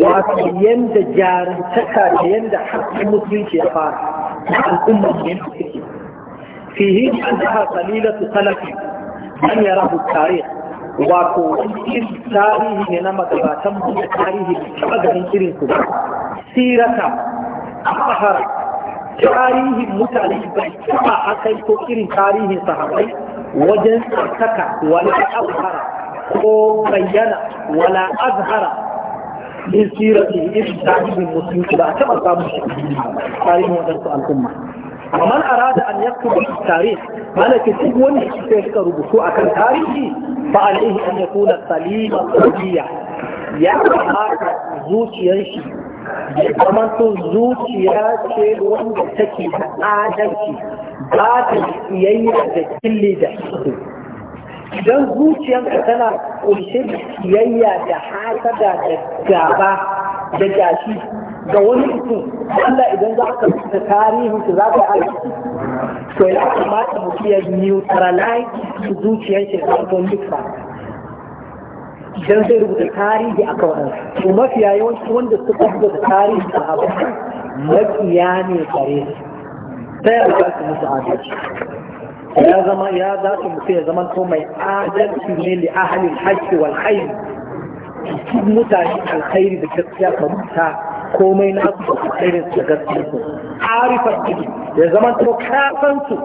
wato yanda jarantaka da yanda hakkin musulunci ya fara na al'ummar da yanda suke fihi an ta qalilatu salafi an yarahu tarikh wato tarihi ne na magabatan da tarihi taɓa ganin irin su ba sirata ahar tarihin mutane bai a akai ko irin tarihin sahabbai wajen tsarkaka wala azhara ko bayyana wala azhara min sirati irin tarihin musulunci ba a taɓa samun tarihin waɗansu al'umma A arada an yaktubu tarikh malaka duk wanda yake suka rubutu akan tarihi fa alaihi an yakuna salima qalbiya ya kamata zuciyar shi ya zuciya ce wanda take da adalci ba ta kiyayya da kille da su idan zuciyarka tana kunshe da da hasada da gaba da gashi da wani mutum Allah idan za ka rubuta tarihin shi za ka yi aiki to ya kamata mutum ya neutralize zuciyar shi da kuma nufa idan zai rubuta tarihi a kawai to mafiya yawanci wanda suka rubuta tarihi a abu makiya ne kare ta yadda za su musu adalci ya zama ya za su mutum ya zama to mai adalci ne li ahalin hajji wal khair mutane alkhairi da gaskiya ka rubuta komai na su irin su gaske su arifar ciki ya zama to kasan su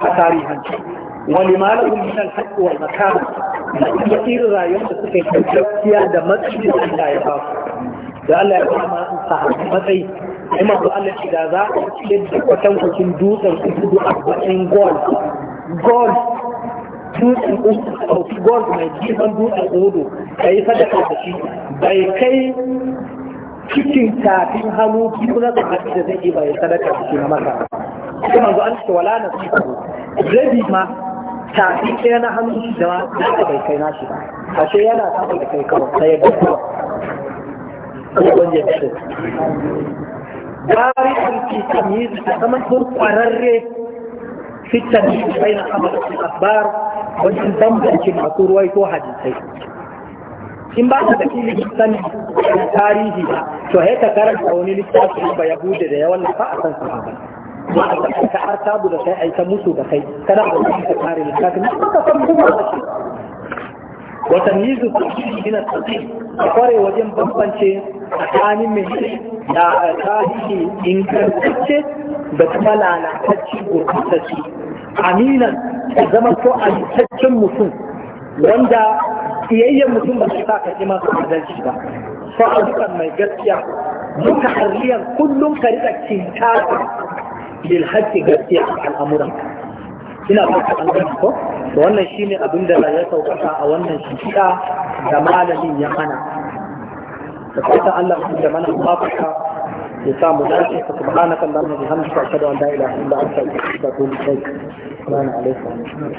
a tarihanci wani malamin min alhaƙi wal makama da iya irin rayuwar da suka yi gaskiya da matsayi da Allah ya ba su da Allah ya ba ma sahabi matsayi kuma to Allah ya da za a cikin da kwatankwacin dutsen kudu a matsayin gold gold dutsen uku gold mai girman dutsen uku ka yi sadaka da shi bai kai cikin tafin hannu biyu na zaɓaɓi da zai ba ya sadaka da shi na maka sai manzo an ce wala na su rabi ma tafi ɗaya na hannu da ma da bai kai nashi ba ashe yana tafi da kai kawai sai ya gaskiya ko ya ce bari an ci tamyiz ta zaman ko kwararre fitan bayna amal al-akhbar wajen bambanci masu ruwai ko hadisai in ba ka da ilimin sanin tarihi ba to ya ka karanta wani littafi ba ya bude da ya wallafa a san sahaba ba a san ka har tabu da kai ai ta musu da kai kana da wani ka kare littafi ne ka san kuma shi watannizu ina tsaye a kware wajen bambance tsakanin mai da tarihi ingantacce da kuma lalatacci gurbatacce aminan zama ko amintaccen mutum wanda Siyayyen mutum ba shi sa ka kima su adalci ba Ko sa'adukan mai gaskiya duka harliyan kullum ka rika cinta lil haƙƙi gaskiya a al'amuran ina ba ka an gani ko to wannan shine abin da ya saukaka a wannan shida da malamin ya hana da fatan Allah da mana mafaka يسام ذلك فسبحانك اللهم وبحمدك اشهد ان لا اله الا انت استغفرك واتوب اليك السلام عليكم